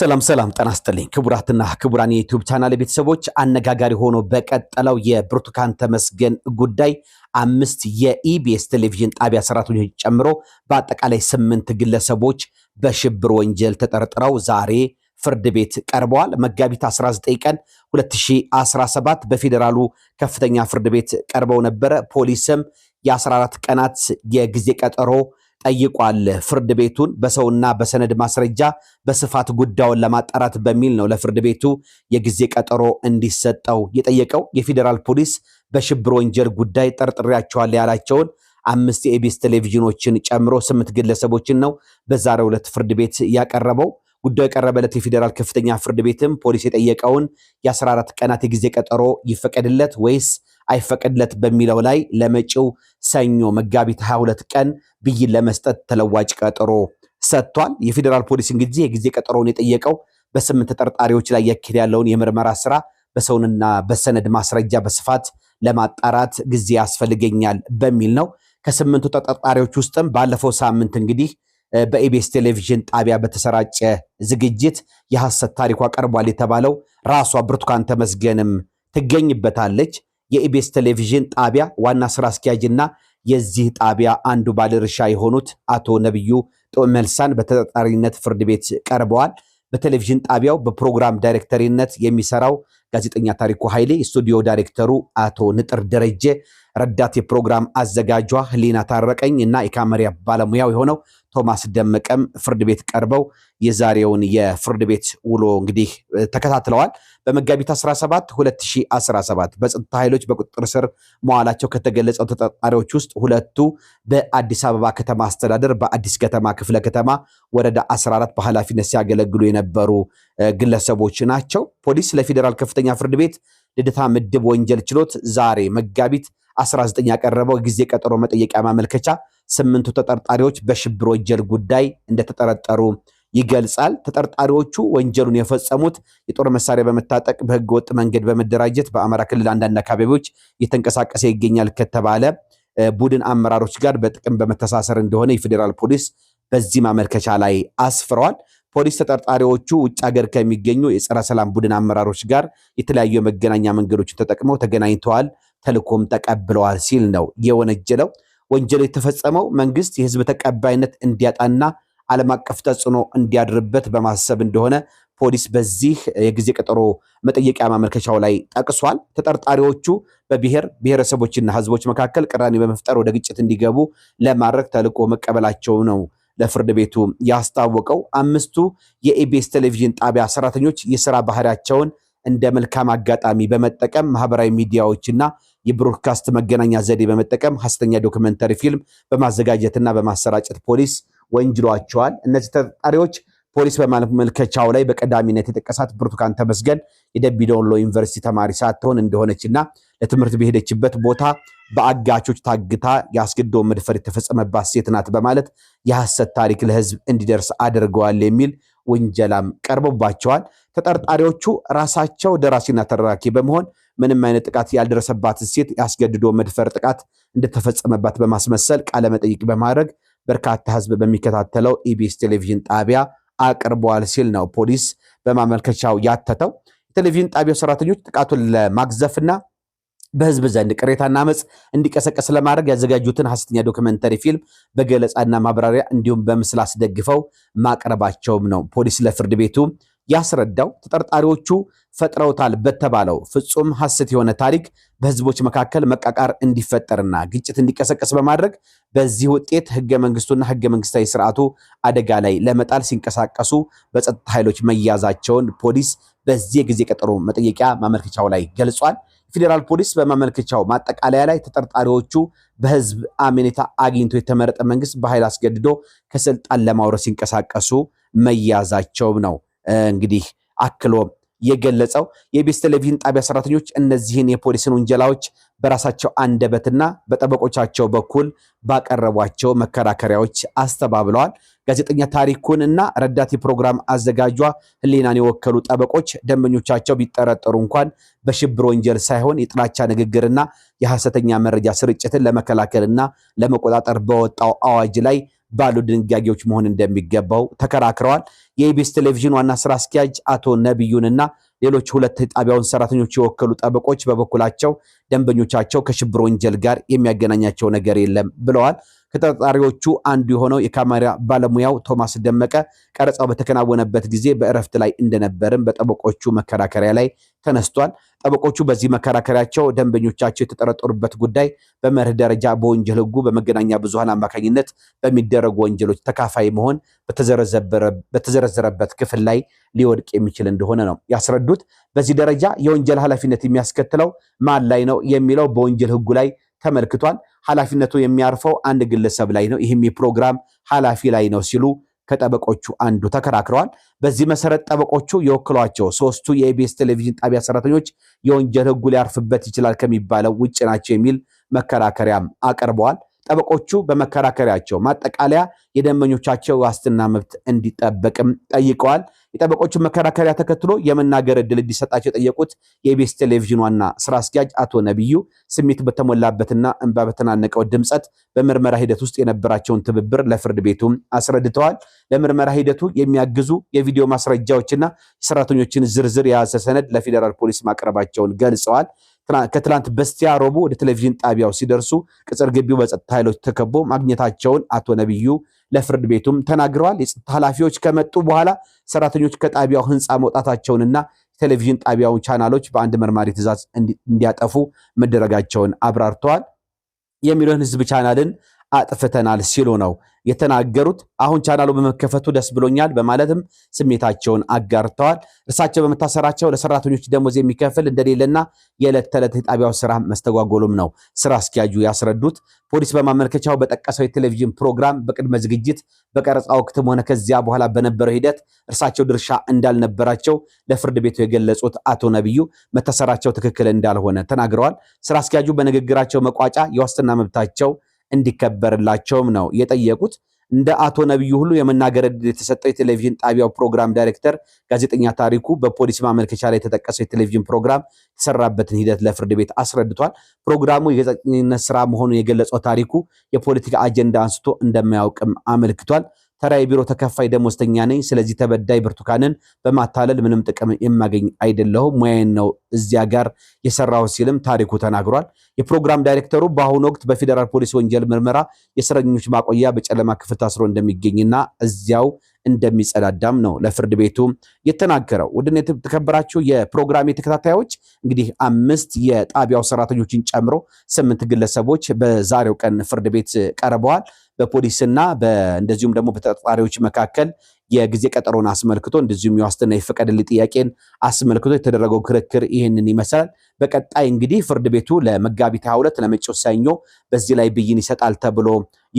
ሰላም ሰላም ጤና ይስጥልኝ ክቡራትና ክቡራን የዩቲዩብ ቻናል ቤተሰቦች፣ አነጋጋሪ ሆኖ በቀጠለው የብርቱካን ተመስገን ጉዳይ አምስት የኢቢኤስ ቴሌቪዥን ጣቢያ ሰራተኞች ጨምሮ በአጠቃላይ ስምንት ግለሰቦች በሽብር ወንጀል ተጠርጥረው ዛሬ ፍርድ ቤት ቀርበዋል። መጋቢት 19 ቀን 2017 በፌዴራሉ ከፍተኛ ፍርድ ቤት ቀርበው ነበረ። ፖሊስም የ14 ቀናት የጊዜ ቀጠሮ ጠይቋል። ፍርድ ቤቱን በሰውና በሰነድ ማስረጃ በስፋት ጉዳዩን ለማጣራት በሚል ነው ለፍርድ ቤቱ የጊዜ ቀጠሮ እንዲሰጠው የጠየቀው። የፌዴራል ፖሊስ በሽብር ወንጀል ጉዳይ ጠርጥሬያቸዋል ያላቸውን አምስት የኤቢስ ቴሌቪዥኖችን ጨምሮ ስምንት ግለሰቦችን ነው በዛሬው ዕለት ፍርድ ቤት ያቀረበው። ጉዳዩ የቀረበለት የፌዴራል ከፍተኛ ፍርድ ቤትም ፖሊስ የጠየቀውን የ14 ቀናት የጊዜ ቀጠሮ ይፈቀድለት ወይስ አይፈቅድለት በሚለው ላይ ለመጪው ሰኞ መጋቢት 22 ቀን ብይን ለመስጠት ተለዋጭ ቀጠሮ ሰጥቷል። የፌዴራል ፖሊስ እንግዲህ የጊዜ ቀጠሮውን የጠየቀው በስምንት ተጠርጣሪዎች ላይ ያካሄድ ያለውን የምርመራ ስራ በሰውንና በሰነድ ማስረጃ በስፋት ለማጣራት ጊዜ ያስፈልገኛል በሚል ነው። ከስምንቱ ተጠርጣሪዎች ውስጥም ባለፈው ሳምንት እንግዲህ በኢቢኤስ ቴሌቪዥን ጣቢያ በተሰራጨ ዝግጅት የሐሰት ታሪኳ ቀርቧል የተባለው ራሷ ብርቱካን ተመስገንም ትገኝበታለች። የኢቢኤስ ቴሌቪዥን ጣቢያ ዋና ስራ አስኪያጅና የዚህ ጣቢያ አንዱ ባለድርሻ የሆኑት አቶ ነቢዩ መልሳን በተጠርጣሪነት ፍርድ ቤት ቀርበዋል። በቴሌቪዥን ጣቢያው በፕሮግራም ዳይሬክተሪነት የሚሰራው ጋዜጠኛ ታሪኩ ኃይሌ፣ የስቱዲዮ ዳይሬክተሩ አቶ ንጥር ደረጀ፣ ረዳት የፕሮግራም አዘጋጇ ህሊና ታረቀኝ እና የካሜራ ባለሙያው የሆነው ቶማስ ደመቀም ፍርድ ቤት ቀርበው የዛሬውን የፍርድ ቤት ውሎ እንግዲህ ተከታትለዋል። በመጋቢት 17 2017 በጸጥታ ኃይሎች በቁጥጥር ስር መዋላቸው ከተገለጸው ተጠርጣሪዎች ውስጥ ሁለቱ በአዲስ አበባ ከተማ አስተዳደር በአዲስ ከተማ ክፍለ ከተማ ወረዳ 14 በኃላፊነት ሲያገለግሉ የነበሩ ግለሰቦች ናቸው። ፖሊስ ለፌዴራል ከፍተኛ ፍርድ ቤት ልደታ ምድብ ወንጀል ችሎት ዛሬ መጋቢት 19 ያቀረበው ጊዜ ቀጠሮ መጠየቂያ ማመልከቻ ስምንቱ ተጠርጣሪዎች በሽብር ወንጀል ጉዳይ እንደተጠረጠሩ ይገልጻል። ተጠርጣሪዎቹ ወንጀሉን የፈጸሙት የጦር መሳሪያ በመታጠቅ በህገ ወጥ መንገድ በመደራጀት በአማራ ክልል አንዳንድ አካባቢዎች እየተንቀሳቀሰ ይገኛል ከተባለ ቡድን አመራሮች ጋር በጥቅም በመተሳሰር እንደሆነ የፌዴራል ፖሊስ በዚህ ማመልከቻ ላይ አስፍረዋል። ፖሊስ ተጠርጣሪዎቹ ውጭ ሀገር ከሚገኙ የጸረ ሰላም ቡድን አመራሮች ጋር የተለያዩ የመገናኛ መንገዶችን ተጠቅመው ተገናኝተዋል፣ ተልኮም ተቀብለዋል ሲል ነው የወነጀለው። ወንጀል የተፈጸመው መንግስት የህዝብ ተቀባይነት እንዲያጣና ዓለም አቀፍ ተጽዕኖ እንዲያድርበት በማሰብ እንደሆነ ፖሊስ በዚህ የጊዜ ቀጠሮ መጠየቂያ ማመልከቻው ላይ ጠቅሷል። ተጠርጣሪዎቹ በብሔር ብሔረሰቦችና ህዝቦች መካከል ቅራኔ በመፍጠር ወደ ግጭት እንዲገቡ ለማድረግ ተልዕኮ መቀበላቸው ነው ለፍርድ ቤቱ ያስታወቀው አምስቱ የኢቢኤስ ቴሌቪዥን ጣቢያ ሰራተኞች የስራ ባህሪያቸውን እንደ መልካም አጋጣሚ በመጠቀም ማህበራዊ ሚዲያዎችና የብሮድካስት መገናኛ ዘዴ በመጠቀም ሐሰተኛ ዶክመንተሪ ፊልም በማዘጋጀትና በማሰራጨት ፖሊስ ወንጅሏቸዋል። እነዚህ ተጠርጣሪዎች ፖሊስ በማመልከቻው ላይ በቀዳሚነት የጠቀሳት ብርቱካን ተመስገን የደምቢ ዩኒቨርሲቲ ተማሪ ሳትሆን እንደሆነችና ለትምህርት በሄደችበት ቦታ በአጋቾች ታግታ የአስገድዶ መድፈር የተፈጸመባት ሴት ናት በማለት የሐሰት ታሪክ ለሕዝብ እንዲደርስ አድርገዋል የሚል ውንጀላም ቀርቦባቸዋል። ተጠርጣሪዎቹ ራሳቸው ደራሲና ተደራኪ በመሆን ምንም አይነት ጥቃት ያልደረሰባት ሴት የአስገድዶ መድፈር ጥቃት እንደተፈጸመባት በማስመሰል ቃለመጠይቅ በማድረግ በርካታ ሕዝብ በሚከታተለው ኢቢኤስ ቴሌቪዥን ጣቢያ አቅርቧል ሲል ነው ፖሊስ በማመልከቻው ያተተው። የቴሌቪዥን ጣቢያው ሰራተኞች ጥቃቱን ለማግዘፍና በህዝብ ዘንድ ቅሬታና አመፅ እንዲቀሰቀስ ለማድረግ ያዘጋጁትን ሐሰተኛ ዶክመንተሪ ፊልም በገለጻና ማብራሪያ እንዲሁም በምስል አስደግፈው ማቅረባቸውም ነው ፖሊስ ለፍርድ ቤቱ ያስረዳው ተጠርጣሪዎቹ ፈጥረውታል በተባለው ፍጹም ሐሰት የሆነ ታሪክ በህዝቦች መካከል መቃቃር እንዲፈጠርና ግጭት እንዲቀሰቀስ በማድረግ በዚህ ውጤት ህገ መንግስቱና ህገ መንግስታዊ ስርዓቱ አደጋ ላይ ለመጣል ሲንቀሳቀሱ በጸጥታ ኃይሎች መያዛቸውን ፖሊስ በዚህ ጊዜ ቀጠሮ መጠየቂያ ማመልከቻው ላይ ገልጿል። ፌዴራል ፖሊስ በማመልከቻው ማጠቃለያ ላይ ተጠርጣሪዎቹ በህዝብ አመኔታ አግኝቶ የተመረጠ መንግስት በኃይል አስገድዶ ከስልጣን ለማውረድ ሲንቀሳቀሱ መያዛቸው ነው። እንግዲህ አክሎ የገለጸው የኢቢኤስ ቴሌቪዥን ጣቢያ ሰራተኞች እነዚህን የፖሊስን ውንጀላዎች በራሳቸው አንደበትና በጠበቆቻቸው በኩል ባቀረቧቸው መከራከሪያዎች አስተባብለዋል። ጋዜጠኛ ታሪኩን እና ረዳት የፕሮግራም አዘጋጇ ህሊናን የወከሉ ጠበቆች ደንበኞቻቸው ቢጠረጠሩ እንኳን በሽብር ወንጀል ሳይሆን የጥላቻ ንግግርና የሐሰተኛ መረጃ ስርጭትን ለመከላከልና ለመቆጣጠር በወጣው አዋጅ ላይ ባሉ ድንጋጌዎች መሆን እንደሚገባው ተከራክረዋል። የኢቢኤስ ቴሌቪዥን ዋና ስራ አስኪያጅ አቶ ነቢዩንና ሌሎች ሁለት ጣቢያውን ሰራተኞች የወከሉ ጠበቆች በበኩላቸው ደንበኞቻቸው ከሽብር ወንጀል ጋር የሚያገናኛቸው ነገር የለም ብለዋል። ከተጠርጣሪዎቹ አንዱ የሆነው የካሜራ ባለሙያው ቶማስ ደመቀ ቀረጻው በተከናወነበት ጊዜ በእረፍት ላይ እንደነበርም በጠበቆቹ መከራከሪያ ላይ ተነስቷል። ጠበቆቹ በዚህ መከራከሪያቸው ደንበኞቻቸው የተጠረጠሩበት ጉዳይ በመርህ ደረጃ በወንጀል ህጉ በመገናኛ ብዙሃን አማካኝነት በሚደረጉ ወንጀሎች ተካፋይ መሆን በተዘረዘረበት ክፍል ላይ ሊወድቅ የሚችል እንደሆነ ነው ያስረዱት። በዚህ ደረጃ የወንጀል ኃላፊነት የሚያስከትለው ማን ላይ ነው የሚለው በወንጀል ህጉ ላይ ተመልክቷል። ኃላፊነቱ የሚያርፈው አንድ ግለሰብ ላይ ነው፣ ይህም የፕሮግራም ኃላፊ ላይ ነው ሲሉ ከጠበቆቹ አንዱ ተከራክረዋል። በዚህ መሰረት ጠበቆቹ የወክሏቸው ሶስቱ የኢቢኤስ ቴሌቪዥን ጣቢያ ሰራተኞች የወንጀል ህጉ ሊያርፍበት ይችላል ከሚባለው ውጭ ናቸው የሚል መከራከሪያም አቅርበዋል። ጠበቆቹ በመከራከሪያቸው ማጠቃለያ የደንበኞቻቸው ዋስትና መብት እንዲጠበቅም ጠይቀዋል። የጠበቆቹ መከራከሪያ ተከትሎ የመናገር እድል እንዲሰጣቸው የጠየቁት የኢቢኤስ ቴሌቪዥን ዋና ስራ አስኪያጅ አቶ ነቢዩ ስሜት በተሞላበትና እንባ በተናነቀው ድምፀት በምርመራ ሂደት ውስጥ የነበራቸውን ትብብር ለፍርድ ቤቱም አስረድተዋል። ለምርመራ ሂደቱ የሚያግዙ የቪዲዮ ማስረጃዎችና የሰራተኞችን ዝርዝር የያዘ ሰነድ ለፌዴራል ፖሊስ ማቅረባቸውን ገልጸዋል። ከትላንት በስቲያ ረቡዕ ወደ ቴሌቪዥን ጣቢያው ሲደርሱ ቅጽር ግቢው በጸጥታ ኃይሎች ተከቦ ማግኘታቸውን አቶ ነቢዩ ለፍርድ ቤቱም ተናግረዋል። የጸጥታ ኃላፊዎች ከመጡ በኋላ ሰራተኞች ከጣቢያው ሕንፃ መውጣታቸውንና ቴሌቪዥን ጣቢያው ቻናሎች በአንድ መርማሪ ትእዛዝ እንዲያጠፉ መደረጋቸውን አብራርተዋል። የሚሊዮን ህዝብ ቻናልን አጥፍተናል ሲሉ ነው የተናገሩት። አሁን ቻናሉ በመከፈቱ ደስ ብሎኛል በማለትም ስሜታቸውን አጋርተዋል። እርሳቸው በመታሰራቸው ለሰራተኞች ደሞዝ የሚከፍል እንደሌለና የዕለት ተዕለት የጣቢያው ስራ መስተጓጎሉም ነው ስራ አስኪያጁ ያስረዱት። ፖሊስ በማመልከቻው በጠቀሰው የቴሌቪዥን ፕሮግራም በቅድመ ዝግጅት በቀረጻ ወቅትም ሆነ ከዚያ በኋላ በነበረው ሂደት እርሳቸው ድርሻ እንዳልነበራቸው ለፍርድ ቤቱ የገለጹት አቶ ነቢዩ መታሰራቸው ትክክል እንዳልሆነ ተናግረዋል። ስራ አስኪያጁ በንግግራቸው መቋጫ የዋስትና መብታቸው እንዲከበርላቸውም ነው የጠየቁት። እንደ አቶ ነቢዩ ሁሉ የመናገር ዕድል የተሰጠው የቴሌቪዥን ጣቢያው ፕሮግራም ዳይሬክተር ጋዜጠኛ ታሪኩ በፖሊስ ማመልከቻ ላይ የተጠቀሰው የቴሌቪዥን ፕሮግራም የተሰራበትን ሂደት ለፍርድ ቤት አስረድቷል። ፕሮግራሙ የጋዜጠኝነት ስራ መሆኑን የገለጸው ታሪኩ የፖለቲካ አጀንዳ አንስቶ እንደማያውቅም አመልክቷል። ተራ የቢሮ ተከፋይ ደሞዝተኛ ነኝ። ስለዚህ ተበዳይ ብርቱካንን በማታለል ምንም ጥቅም የማገኝ አይደለሁም። ሙያዬን ነው እዚያ ጋር የሰራው ሲልም ታሪኩ ተናግሯል። የፕሮግራም ዳይሬክተሩ በአሁኑ ወቅት በፌዴራል ፖሊስ ወንጀል ምርመራ የእስረኞች ማቆያ በጨለማ ክፍል ታስሮ እንደሚገኝና እዚያው እንደሚጸዳዳም ነው ለፍርድ ቤቱ የተናገረው። ውድን የተከበራችሁ የፕሮግራም ተከታታዮች እንግዲህ አምስት የጣቢያው ሰራተኞችን ጨምሮ ስምንት ግለሰቦች በዛሬው ቀን ፍርድ ቤት ቀርበዋል። በፖሊስና እንደዚሁም ደግሞ በተጠርጣሪዎች መካከል የጊዜ ቀጠሮን አስመልክቶ እንደዚሁም የዋስትና የፈቀድልኝ ጥያቄን አስመልክቶ የተደረገው ክርክር ይህንን ይመስላል። በቀጣይ እንግዲህ ፍርድ ቤቱ ለመጋቢት 22 ለመጪው ሰኞ በዚህ ላይ ብይን ይሰጣል ተብሎ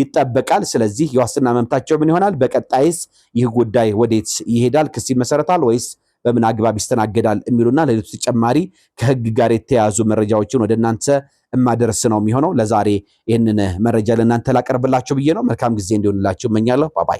ይጠበቃል። ስለዚህ የዋስትና መብታቸው ምን ይሆናል? በቀጣይስ ይህ ጉዳይ ወዴት ይሄዳል? ክስ ይመሰረታል ወይስ በምን አግባብ ይስተናገዳል የሚሉና ሌሎች ተጨማሪ ከህግ ጋር የተያያዙ መረጃዎችን ወደ እናንተ እማደርስ ነው የሚሆነው። ለዛሬ ይህንን መረጃ ለእናንተ ላቀርብላችሁ ብዬ ነው። መልካም ጊዜ እንዲሆንላችሁ እመኛለሁ። ባባይ